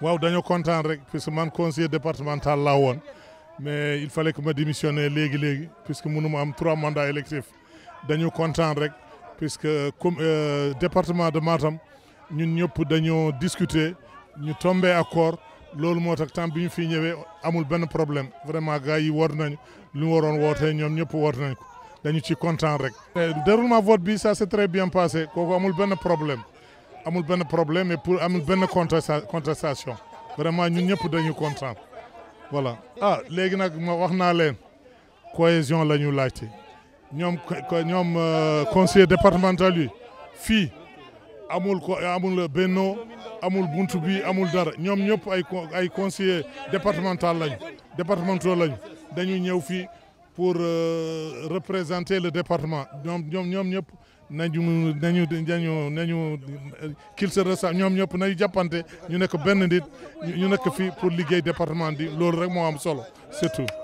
waaw dañoo content rek puisque man conseiller départemental laa woon mais il fallait que ma démissionne léegi léegi puisque mënuma am trois mandats électifs dañu content rek puisque comme euh, département de Matam ñun ñëpp dañoo discuter ñu tombé accord loolu moo tax temps bi ñu fii ñëwee amul benn problème vraiment gars yi woote nañu lu mu waroon wootee ñoom ñëpp woote nañ ko dañu ci content rek. Euh, déroulement vote bi ça s'est très bien passé kooku amul benn problème amul ben problème et pour amul ben contestation vraiment ñun ñëpp dañu kontaan voilà ah légui nak ma wax naa cohésion lañu ñu ñom ñom euh, conseiller départemental lui, fii amul ko amul benno amul buntu bi amul dara ñom ñëpp ay ay conseiller départemental lañ départemental lañ dañu ñëw fi pour euh, représenter le département ñom ñom ñom ñëpp nañu nañu nañu nañu qu'il se ressent ñoom ñëpp nañu jàppante ñu nekk benn nit ñu nekk fii pour liggéey département bi loolu rek moo am solo surtout